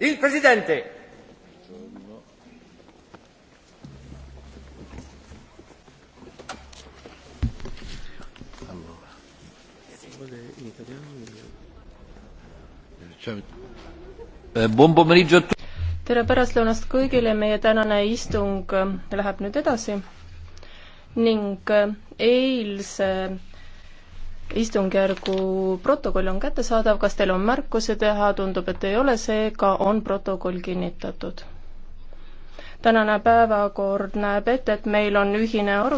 Il Presidente. Eh, tere pärastlõunast kõigile, meie tänane istung läheb nüüd edasi ning eh, eilse istungjärgu protokoll on kättesaadav, kas teil on märkusi teha, tundub, et ei ole, seega on protokoll kinnitatud. tänane päevakord näeb ette, et meil on ühine aru-,